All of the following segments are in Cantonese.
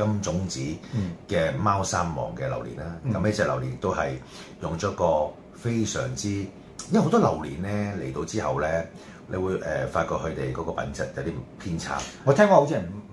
金、嗯、種子嘅貓山王嘅榴蓮啦，咁呢、嗯、隻榴蓮都係用咗一個非常之，因為好多榴蓮咧嚟到之後咧，你會誒、呃、發覺佢哋嗰個品質有啲偏差。我聽過好似係。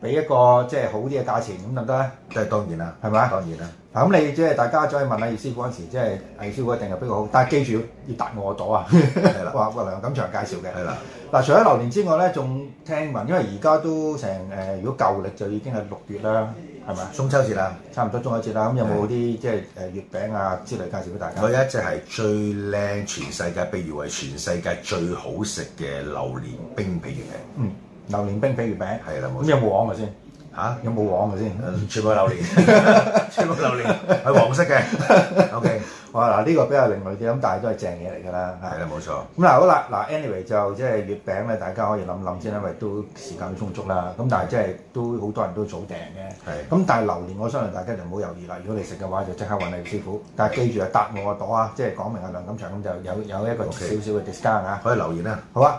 俾一個即係好啲嘅價錢咁得唔得咧？即係當然啦，係咪吧？當然啦。嗱，咁你即係大家再問下易師傅嗰陣時即，即係易師傅一定係比較好。但係記住要，要達我個度啊！係 啦的，哇哇！梁錦祥介紹嘅。係啦的。嗱，除咗榴蓮之外咧，仲聽聞，因為而家都成誒、呃，如果舊歷就已經係六月啦，係咪？中秋節啦，差唔多中秋節啦。咁的有冇啲即係誒月餅啊之類介紹俾大家？佢一隻係最靚，全世界，被譽為全世界最好食嘅榴蓮冰皮月餅。嗯。榴蓮冰皮月餅係啦，咁有冇黃嘅先？嚇，有冇黃嘅先？全部榴蓮，全部榴蓮，係黃色嘅。OK，哇嗱，呢個比較另類啲，咁但係都係正嘢嚟㗎啦。係啦，冇錯。咁嗱，好啦，嗱，anyway 就即係月餅咧，大家可以諗諗先，因為都時間充足啦。咁但係即係都好多人都早訂嘅。係。咁但係榴蓮，我相信大家就唔好猶豫啦。如果你食嘅話，就即刻揾你師傅。但係記住啊，搭我個朵啊，即係講明阿梁錦祥咁就有有一個少少嘅 discount 啊。可以留言啊，好啊。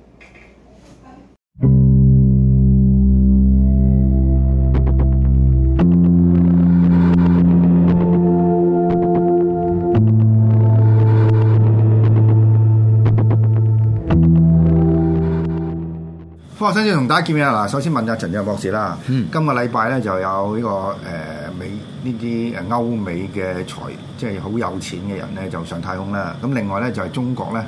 好，首先同大家見面啊！嗱，首先問下陳志宏博士啦。嗯。今個禮拜咧就有呢個誒、呃、美呢啲誒歐美嘅財，即係好有錢嘅人咧，就上太空啦。咁另外咧就係、是、中國咧。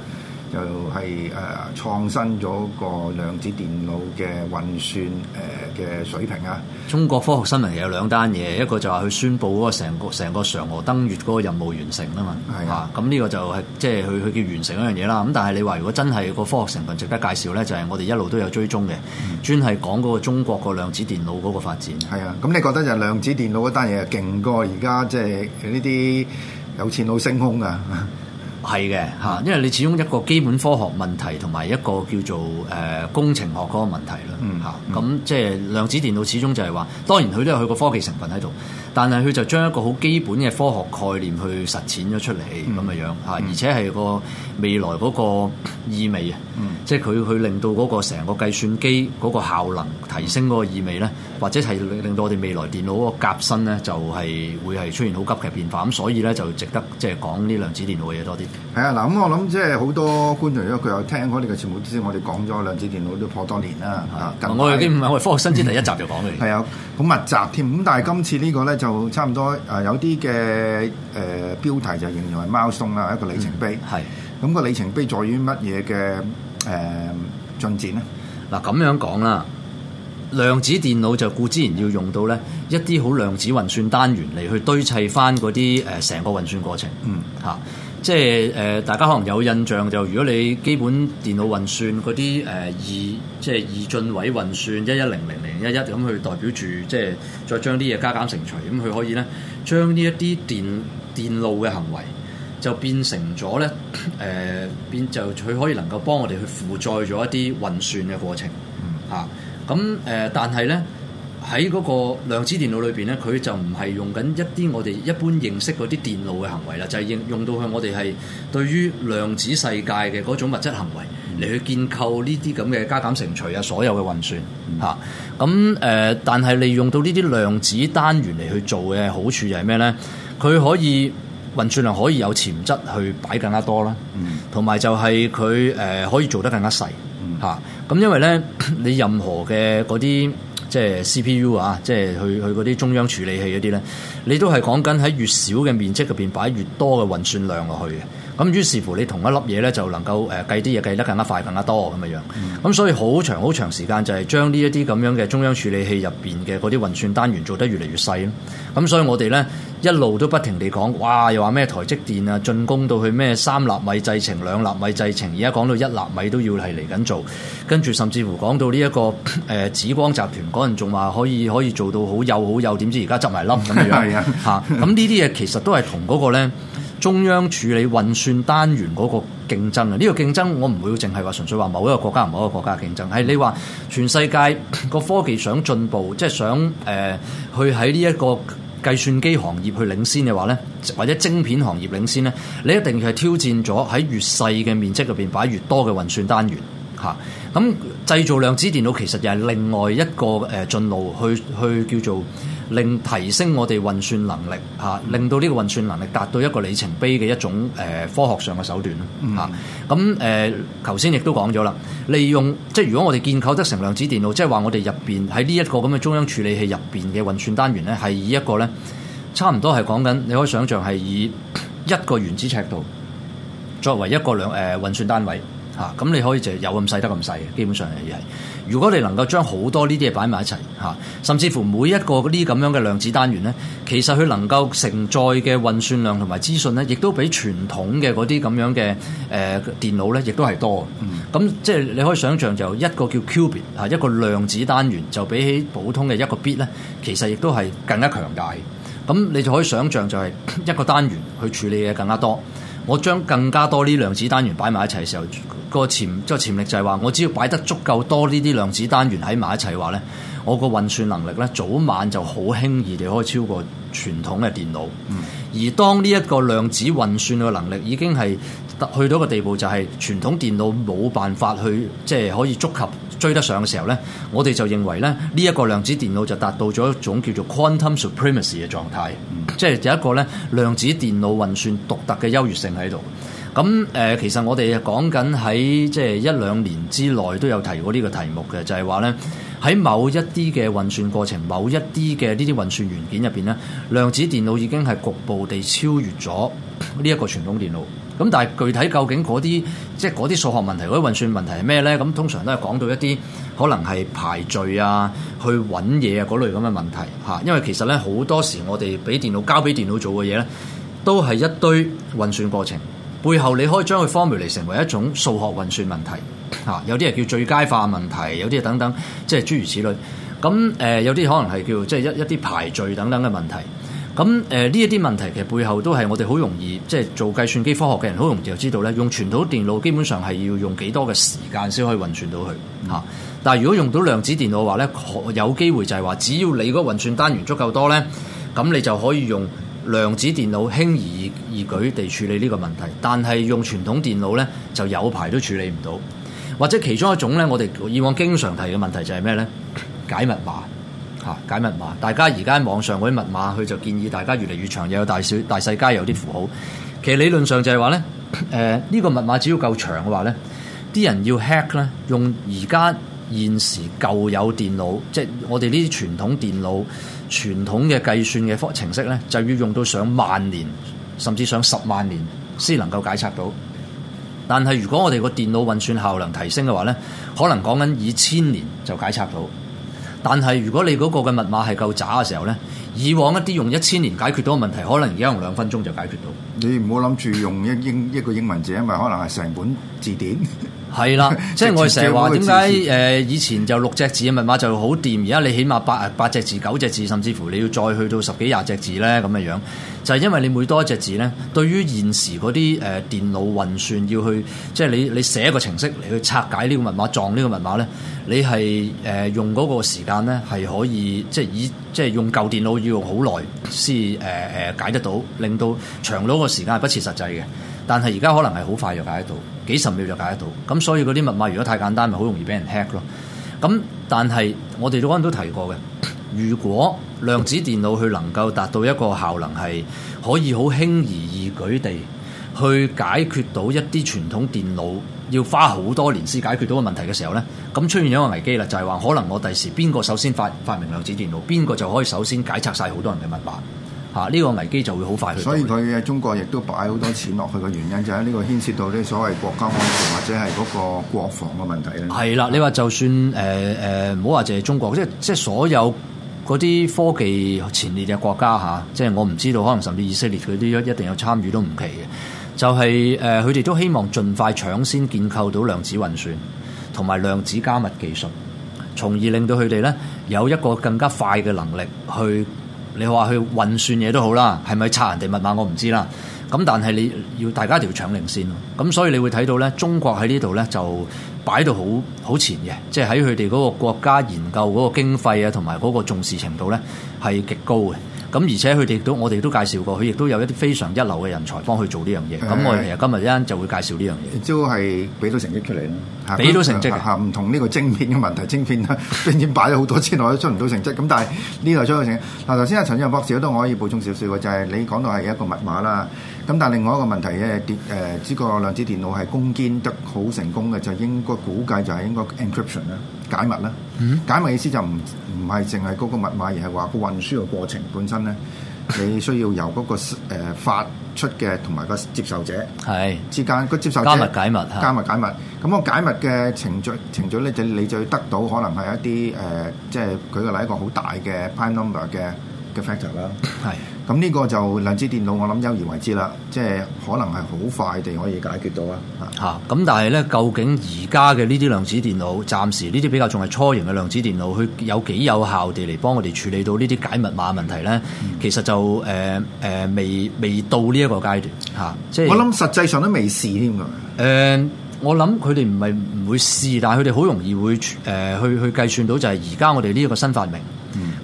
又係誒、呃、創新咗個量子電腦嘅運算誒嘅、呃、水平啊！中國科學新聞有兩單嘢，一個就話佢宣佈嗰成個成個嫦娥登月嗰個任務完成啊嘛，係嘛、啊？咁、嗯、呢個就係、是、即係佢佢叫完成一樣嘢啦。咁但係你話如果真係個科學成分值得介紹咧，就係、是、我哋一路都有追蹤嘅，嗯、專係講嗰個中國個量子電腦嗰個發展。係啊！咁你覺得就係量子電腦嗰單嘢勁過而家即係呢啲有錢佬升空啊？ 係嘅吓，因為你始終一個基本科學問題同埋一個叫做誒、呃、工程學嗰個問題啦吓，咁即係量子電腦始終就係話，當然佢都有佢個科技成分喺度。但係佢就將一個好基本嘅科學概念去實踐咗出嚟咁嘅樣嚇，而且係個未來嗰個意味啊，嗯、即係佢去令到嗰個成個計算機嗰個效能提升嗰個意味咧，或者係令到我哋未來電腦嗰個革新咧，就係、是、會係出現好急劇變化。咁所以咧就值得即係講呢量子電腦嘅嘢多啲。係啊，嗱咁我諗即係好多觀眾，如果佢有聽我哋嘅節目，都知我哋講咗量子電腦都頗多年啦嚇。的代我已經唔係我哋科學新知第一集就講嘅、嗯。係啊的，咁密集添。咁但係今次個呢個咧。就差唔多誒、呃，有啲嘅誒標題就形容係貓松啦，一個里程碑。係咁、嗯、個里程碑在於乜嘢嘅誒進展咧？嗱，咁樣講啦，量子電腦就固之然要用到咧一啲好量子運算單元嚟去堆砌翻嗰啲誒成個運算過程。嗯，嚇。即係誒、呃，大家可能有印象就，如果你基本電腦運算嗰啲誒二，即係二進位運算，一一零零零一一咁去代表住，即係再將啲嘢加減乘除，咁、嗯、佢可以咧將呢一啲電電路嘅行為就變成咗咧誒變就佢可以能夠幫我哋去負載咗一啲運算嘅過程嚇，咁、嗯、誒、嗯嗯，但係咧。喺嗰個量子電腦裏邊咧，佢就唔係用緊一啲我哋一般認識嗰啲電腦嘅行為啦，就係、是、用用到佢我哋係對於量子世界嘅嗰種物質行為嚟、嗯、去建構呢啲咁嘅加減乘除啊所有嘅運算嚇。咁誒、嗯啊，但係利用到呢啲量子單元嚟去做嘅好處就係咩咧？佢可以運算量可以有潛質去擺更加多啦，同埋、嗯、就係佢誒可以做得更加細嚇。咁、啊、因為咧，你任何嘅嗰啲即係 CPU 啊，即係去去嗰啲中央處理器嗰啲咧，你都係講緊喺越少嘅面積入邊擺越多嘅運算量落去嘅。咁於是乎，你同一粒嘢咧，就能夠誒計啲嘢計得更加快、更加多咁嘅樣。咁、嗯、所以好長好長時間就係將呢一啲咁樣嘅中央處理器入邊嘅嗰啲運算單元做得越嚟越細咯。咁所以我哋咧一路都不停地講，哇！又話咩台積電啊，進攻到去咩三納米製程、兩納米製程，而家講到一納米都要係嚟緊做。跟住甚至乎講到呢、這、一個誒、呃、紫光集團嗰陣仲話可以可以做到好幼好幼，點知而家執埋粒咁嘅 樣嚇。咁呢啲嘢其實都係同嗰個咧。中央處理運算單元嗰、這個競爭啊！呢個競爭我唔會淨係話純粹話某一個國家同某一個國家競爭。係你話全世界個科技想進步，即係想誒、呃、去喺呢一個計算機行業去領先嘅話呢，或者晶片行業領先呢，你一定係挑戰咗喺越細嘅面積入邊擺越多嘅運算單元嚇。咁、啊、製造量子電腦其實又係另外一個誒進、呃、路去去叫做。令提升我哋運算能力嚇，令到呢個運算能力達到一個里程碑嘅一種誒科學上嘅手段咯嚇。咁誒、mm，頭、hmm. 先、呃、亦都講咗啦，利用即係如果我哋建構得成量子電腦，即係話我哋入邊喺呢一個咁嘅中央處理器入邊嘅運算單元咧，係以一個咧差唔多係講緊，你可以想象係以一個原子尺度作為一個兩誒、呃、運算單位。嚇，咁你可以就有咁細得咁細嘅，基本上係如果你能夠將好多呢啲嘢擺埋一齊嚇，甚至乎每一個呢啲咁樣嘅量子單元咧，其實佢能夠承載嘅運算量同埋資訊咧，亦都比傳統嘅嗰啲咁樣嘅誒、呃、電腦咧，亦都係多嘅。咁、嗯、即係你可以想象就一個叫 Qubit 嚇，一個量子單元就比起普通嘅一個 bit 咧，其實亦都係更加強大。咁你就可以想象就係一個單元去處理嘢更加多。我將更加多呢量子單元擺埋一齊嘅時候，個潛即係潛力就係話，我只要擺得足夠多呢啲量子單元喺埋一齊話咧，我個運算能力咧，早晚就好輕易地可以超過傳統嘅電腦。而當呢一個量子運算嘅能力已經係去到一個地步，就係傳統電腦冇辦法去即係、就是、可以觸及，追得上嘅時候咧，我哋就認為咧，呢一個量子電腦就達到咗一種叫做 quantum supremacy 嘅狀態，即係有一個咧量子電腦運算獨特嘅優越性喺度。咁誒，其實我哋講緊喺即係一兩年之內都有提過呢個題目嘅，就係話咧喺某一啲嘅運算過程，某一啲嘅呢啲運算元件入邊咧，量子電腦已經係局部地超越咗呢一個傳統電腦。咁但係具體究竟嗰啲即係嗰啲數學問題、嗰啲運算問題係咩咧？咁通常都係講到一啲可能係排序啊、去揾嘢啊嗰類咁嘅問題嚇。因為其實咧好多時我哋俾電腦交俾電腦做嘅嘢咧，都係一堆運算過程背後，你可以將佢 formula 嚟成為一種數學運算問題嚇。有啲係叫最佳化問題，有啲係等等，即係諸如此類。咁誒，有啲可能係叫即係一一啲排序等等嘅問題。咁誒呢一啲問題其實背後都係我哋好容易，即係做計算機科學嘅人好容易就知道咧，用傳統電腦基本上係要用幾多嘅時間先可以運算到佢嚇。嗯、但係如果用到量子電腦嘅話咧，有機會就係話，只要你個運算單元足夠多咧，咁你就可以用量子電腦輕而易，易，易舉地處理呢個問題。但係用傳統電腦咧就有排都處理唔到，或者其中一種咧，我哋以往經常提嘅問題就係咩咧？解密碼。嚇、啊、解密碼，大家而家喺網上嗰啲密碼，佢就建議大家越嚟越長，又有大小大細，又有啲符號。其實理論上就係話咧，誒、呃、呢、呢個密碼只要夠長嘅話咧，啲人要 hack 咧，用而家現時舊有電腦，即係我哋呢啲傳統電腦、傳統嘅計算嘅方程式咧，就要用到上萬年，甚至上十萬年先能夠解拆到。但係如果我哋個電腦運算效能提升嘅話咧，可能講緊以千年就解拆到。但係如果你嗰個嘅密碼係夠渣嘅時候呢，以往一啲用一千年解決到嘅問題，可能而家用兩分鐘就解決到。你唔好諗住用一英一個英文字，因為可能係成本字典。係 啦，即係我成日話點解誒以前就六隻字嘅密碼就好掂，而家你起碼八八隻字、九隻字，甚至乎你要再去到十幾廿隻字呢，咁嘅樣樣。就係因為你每多一隻字咧，對於現時嗰啲誒電腦運算要去，即係你你寫一個程式嚟去拆解呢個密碼，撞呢個密碼咧，你係誒、呃、用嗰個時間咧，係可以即係以即係用舊電腦要用好耐先誒誒解得到，令到長咗個時間係不切實際嘅。但係而家可能係好快就解得到，幾十秒就解得到。咁所以嗰啲密碼如果太簡單，咪好容易俾人 hack 咯。咁但係我哋都陣都提過嘅。如果量子電腦佢能夠達到一個效能係可以好輕而易舉地去解決到一啲傳統電腦要花好多年先解決到嘅問題嘅時候呢，咁出現咗一個危機啦，就係話可能我第時邊個首先發發明量子電腦，邊個就可以首先解拆晒好多人嘅密碼嚇？呢個危機就會好快去。所以佢嘅中國亦都擺好多錢落去嘅原因，就係呢個牽涉到啲所謂國家安全或者係嗰個國防嘅問題咧。係啦，你話就算誒誒，唔好話就係中國，即係即係所有。嗰啲科技前列嘅國家嚇，即係我唔知道，可能甚至以色列佢啲一定有參與都唔奇嘅。就係、是、誒，佢、呃、哋都希望盡快搶先建構到量子運算同埋量子加密技術，從而令到佢哋咧有一個更加快嘅能力去，你話去運算嘢都好啦，係咪拆人哋密碼我唔知啦。咁但係你要大家一條搶領先咯。咁所以你會睇到咧，中國喺呢度咧就。擺到好好前嘅，即係喺佢哋嗰個國家研究嗰個經費啊，同埋嗰個重視程度咧係極高嘅。咁而且佢哋都我哋都介紹過，佢亦都有一啲非常一流嘅人才幫佢做呢樣嘢。咁是我哋其實今日一陣就會介紹呢樣嘢。都係俾到成績出嚟咯，俾到成績啊！唔同呢個晶片嘅問題，晶片啊，晶片擺咗好多錢都出唔到成績。咁但係呢度出咗成績。嗱頭先阿陳志宏博士都我可以補充少少嘅，就係、是、你講到係一個密碼啦。咁但係另外一個問題咧，跌誒，呢個量子電腦係攻堅得好成功嘅，就應該估計就係應該 encryption 啦，解密啦。嗯。解密意思就唔唔係淨係嗰個密碼，而係話個運輸嘅過程本身咧，你需要由嗰個誒發出嘅同埋個接受者係之間個接受者加密解密嚇，加密解密。咁個解密嘅程序程序咧，就你就要得到可能係一啲誒，即係舉個例一個好大嘅 prime number 嘅嘅 factor 啦。係。咁呢個就量子電腦，我諗優而為之啦，即係可能係好快地可以解決到啦。嚇！咁、啊、但係咧，究竟而家嘅呢啲量子電腦，暫時呢啲比較仲係初型嘅量子電腦，佢有幾有效地嚟幫我哋處理到呢啲解密碼問題咧？嗯、其實就誒誒、呃呃，未未到呢一個階段嚇。即係是我諗實際上都未試添㗎。誒、呃，我諗佢哋唔係唔會試，但係佢哋好容易會誒、呃、去去計算到，就係而家我哋呢一個新發明。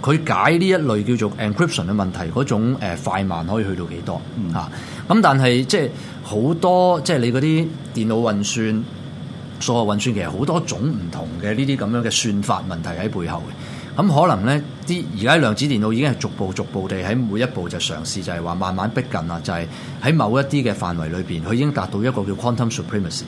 佢解呢一類叫做 encryption 嘅問題，嗰種快慢可以去到幾多吓？咁、嗯啊、但係即係好多即係你嗰啲電腦運算、數學運算，其實好多種唔同嘅呢啲咁樣嘅算法問題喺背後嘅。咁、嗯、可能咧，啲而家量子電腦已經係逐步逐步地喺每一步就嘗試，就係話慢慢逼近啦，就係、是、喺某一啲嘅範圍裏邊，佢已經達到一個叫 quantum supremacy。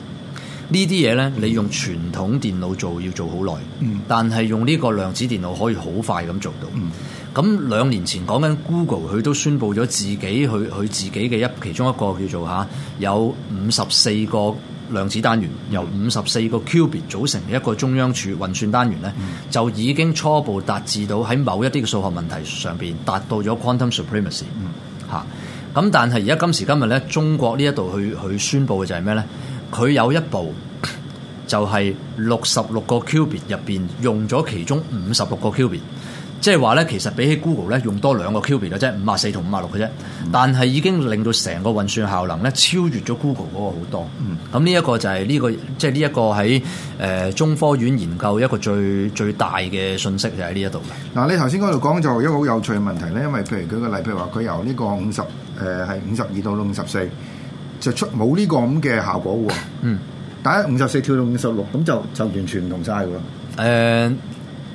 呢啲嘢呢，你用傳統電腦做要做好耐，嗯、但係用呢個量子電腦可以好快咁做到。咁、嗯、兩年前講緊 Google，佢都宣佈咗自己佢佢自己嘅一其中一個叫做嚇有五十四個量子單元，嗯、由五十四個 Qubit 組成嘅一個中央處運算單元呢，嗯、就已經初步達至到喺某一啲嘅數學問題上邊達到咗 Quantum Supremacy 嚇、嗯。咁、嗯、但係而家今時今日呢，中國呢一度去去宣佈嘅就係咩呢？佢有一部就係六十六個 qubit 入邊用咗其中五十六個 qubit 即係話咧，其實比起 Google 咧用多兩個 qubit 嘅啫，五十四同五十六嘅啫，但係已經令到成個運算效能咧超越咗 Google 嗰個好多。咁呢一個就係呢、這個即係呢一個喺誒、呃、中科院研究一個最最大嘅信息就喺呢一度。嗱，你頭先嗰度講就一個好有趣嘅問題咧，因為譬如舉個例，譬如話佢由呢個五十誒係五十二到到五十四。就出冇呢個咁嘅效果喎。嗯，但係五十四跳到五十六，咁就就完全唔同曬喎。誒，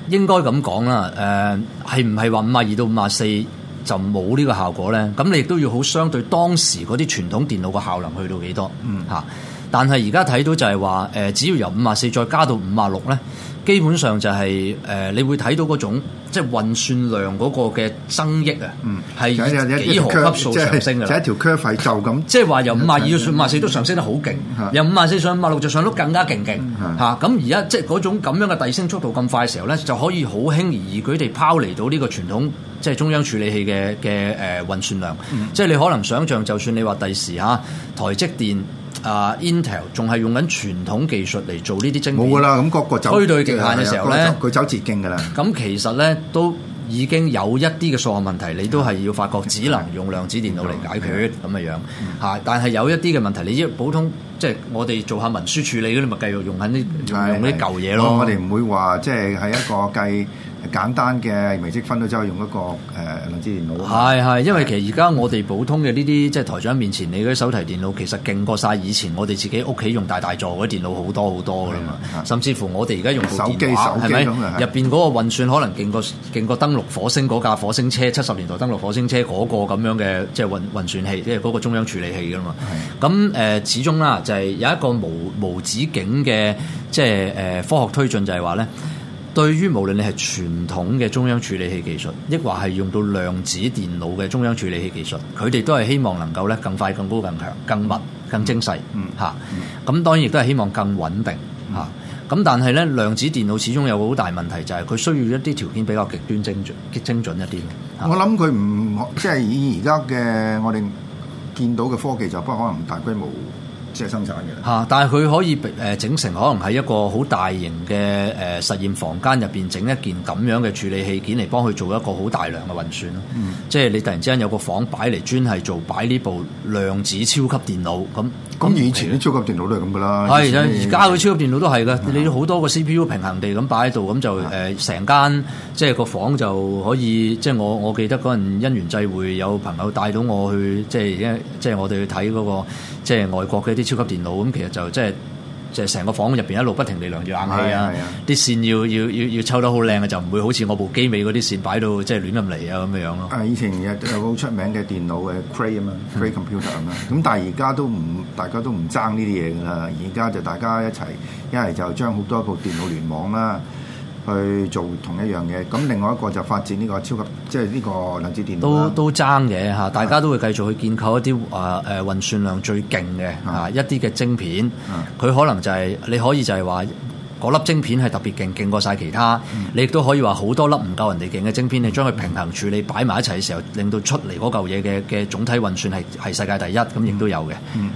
應該咁講啦。誒、呃，係唔係話五十二到五十四？就冇呢個效果咧，咁你亦都要好相對當時嗰啲傳統電腦嘅效能去到幾多？嗯，嚇！但係而家睇到就係話，誒，只要由五啊四再加到五啊六咧，基本上就係、是、誒、呃，你會睇到嗰種即係運算量嗰個嘅增益啊，嗯，係幾何級數上升啦，就一條 curve 就咁，即係話由五啊二到五啊四都上升得好勁，嗯嗯、由五啊四上五啊六就上得更加勁勁嚇。咁而家即係嗰種咁樣嘅遞升速度咁快嘅時候咧，就可以好輕而易舉地拋離到呢個傳統。即係中央處理器嘅嘅誒運算量，嗯、即係你可能想像，就算你話第時嚇台積電啊 Intel 仲係用緊傳統技術嚟做呢啲精，冇噶啦，咁個個走推到極限嘅時候咧，佢走捷徑噶啦。咁其實咧都已經有一啲嘅數學問題，你都係要發覺只能用量子電腦嚟解決咁嘅樣嚇。嗯嗯、但係有一啲嘅問題，你依普通即係我哋做下文書處理咧，你咪繼續用緊啲用啲舊嘢咯。我哋唔會話即係喺一個計。 簡單嘅微積分都走去用一個誒筆記電腦。係係，因為其實而家我哋普通嘅呢啲，即係台長面前你嗰啲手提電腦，其實勁過晒以前我哋自己屋企用大大座嗰啲電腦好多好多噶啦嘛。是是是，甚至乎我哋而家用部電話，係咪入邊嗰個運算可能勁過勁過登陸火星嗰架火星車，七十年代登陸火星車嗰個咁樣嘅即係運運算器，即係嗰個中央處理器噶嘛。咁誒是是、呃，始終啦，就係、是、有一個無無止境嘅即係誒科學推進就，就係話咧。對於無論你係傳統嘅中央處理器技術，亦或係用到量子電腦嘅中央處理器技術，佢哋都係希望能夠咧更快、更高、更強、更密、更精細嚇。咁、嗯嗯啊、當然亦都係希望更穩定嚇。咁、啊、但係咧，量子電腦始終有個好大問題，就係佢需要一啲條件比較極端精準、極精準一啲、啊、我諗佢唔即係以而家嘅我哋見到嘅科技就不可能大規模。即係生產嘅嚇，但係佢可以誒整成可能喺一個好大型嘅誒實驗房間入邊整一件咁樣嘅處理器件嚟幫佢做一個好大量嘅運算咯。嗯，即係你突然之間有個房擺嚟專係做擺呢部量子超級電腦咁。咁以前啲超級電腦都係咁噶啦。係，而家嘅超級電腦都係嘅。你好多個 CPU 平衡地咁擺喺度，咁就誒成間即係個房就可以。即係我我記得嗰陣因緣際會有朋友帶到我去，即係即係我哋去睇嗰個即係外國嘅啲。超級電腦咁，其實就即係即係成個房入邊一路不停地量住冷氣啊，啲是線要要要要抽得好靚嘅，就唔會好似我部機尾嗰啲線擺到即係、就是、亂噏嚟啊咁樣樣咯。誒，以前有有個好出名嘅電腦嘅 Cray 啊嘛，Cray computer 啊嘛。 咁但係而家都唔大家都唔爭呢啲嘢㗎啦。而家就大家一齊一係就將好多部電腦聯網啦。去做同一樣嘢，咁另外一個就發展呢個超級，即係呢個量子電腦都都爭嘅吓。大家都會繼續去建構一啲誒誒運算量最勁嘅吓，一啲嘅晶片。佢可能就係、是、你可以就係話。嗰粒晶片係特別勁，勁過晒其他。嗯、你亦都可以話好多粒唔夠人哋勁嘅晶片，你將佢平衡處理擺埋一齊嘅時候，令到出嚟嗰嚿嘢嘅嘅總體運算係係世界第一咁，亦都有嘅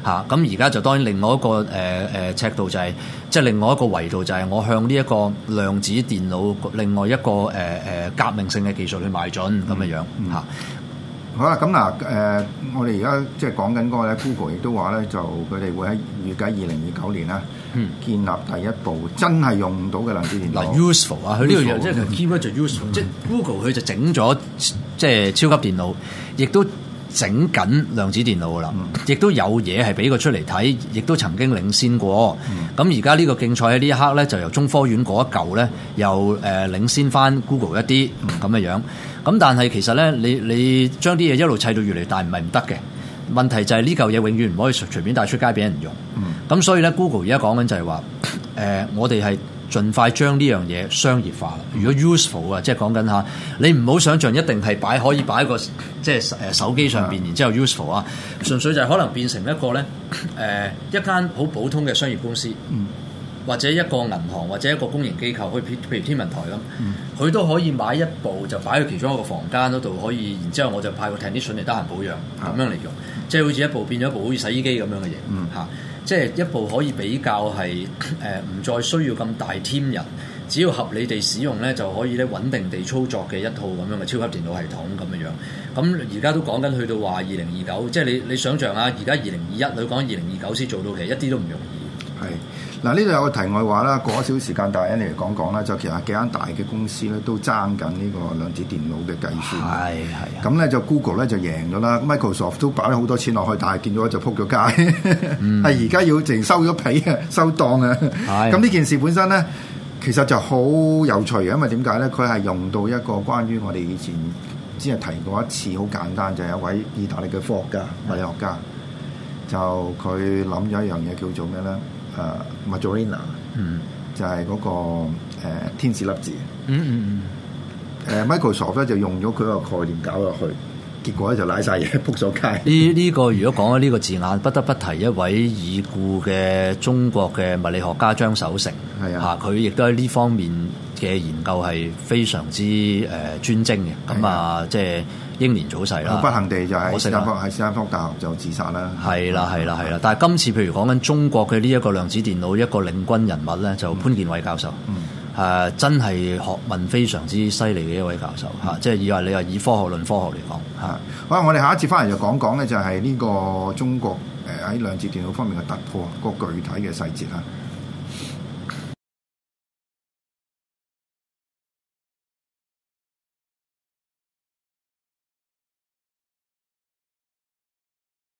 嚇。咁而家就當然另外一個誒誒、呃呃、尺度就係、係，即係另外一個維度就係我向呢一個量子電腦另外一個誒誒、呃、革命性嘅技術去邁進咁嘅樣嚇。嗯嗯啊、好啦，咁嗱誒，我哋而家即係講緊嗰個咧，Google 亦都話咧，就佢哋會喺預計二零二九年啦。嗯，建立第一步真係用唔到嘅量子電腦。立 useful 啊，佢呢、呢個又、啊、即係 keep 得 useful、嗯。即係 Google 佢就整咗即係超級電腦，亦都整緊量子電腦噶啦。亦、嗯、都有嘢係俾佢出嚟睇，亦都曾經領先過。咁而家呢個競賽喺呢一刻咧，就由中科院嗰一嚿咧，又誒、呃、領先翻 Google 一啲咁嘅樣,樣。咁但係其實咧，你你,你將啲嘢一路砌到越嚟越大，唔係唔得嘅。問題就係呢嚿嘢永遠唔可以隨便帶出街俾人用。嗯咁、嗯、所以咧，Google 而家講緊就係話，誒、呃，我哋係盡快將呢樣嘢商業化。如果 useful 啊，即係講緊嚇，你唔好想象一定係擺可以擺喺個即係誒手機上邊，然之後 useful 啊，純粹就係可能變成一個咧，誒、呃，一間好普通嘅商業公司，或者一個銀行或者一個公營機構，可譬，譬如天文台咁，佢都可以買一部就擺喺其中一個房間嗰度，可以，然之後我就派個 technician 嚟，得閒保養咁樣嚟用，即係好似一部變咗一部好似洗衣機咁樣嘅嘢嚇。嗯即係一部可以比較係誒唔再需要咁大隊人，只要合理地使用咧，就可以咧穩定地操作嘅一套咁樣嘅超級電腦系統咁嘅樣。咁而家都講緊去到話二零二九，即係你你想象下，而家二零二一，佢講二零二九先做到嘅，一啲都唔容易。係。嗱，呢度有個題外話啦，過咗少時間，但係 Andy 嚟講講啦，就其實幾間大嘅公司咧都爭緊呢個量子電腦嘅計算。係係咁咧就 Google 咧就贏咗啦，Microsoft 都擺咗好多錢落去，但係見到就撲咗街。係而家要淨收咗皮啊，收檔啊。咁呢的 件事本身咧，其實就好有趣，因為點解咧？佢係用到一個關於我哋以前只係提過一次，好簡單，就係、是、一位意大利嘅科學家、物理學家，就佢諗咗一樣嘢叫做咩咧？誒，Majorana，嗯，就係嗰個誒天使粒子，嗯嗯嗯，誒、uh,，Microsoft 咧、uh, 就用咗佢個概念搞落去，結果咧、uh, 就瀨晒嘢，仆咗街。呢呢、這個如果講呢個字眼， 不得不提一位已故嘅中國嘅物理學家張首晟，係是啊，啊，佢亦都喺呢方面嘅研究係非常之誒專、呃、精嘅，咁啊，是啊即係。英年早逝啦！不幸地就喺斯坦福喺斯坦福大學就自殺啦。係啦，係啦，係啦。但係今次譬如講緊中國嘅呢一個量子電腦一個領軍人物咧，就潘建偉教授。嗯。誒、啊，真係學問非常之犀利嘅一位教授嚇、嗯啊，即係以話你話以科學論科學嚟講嚇。好，我哋下一節翻嚟就講講咧，就係呢個中國誒喺量子電腦方面嘅突破，個具體嘅細節啦。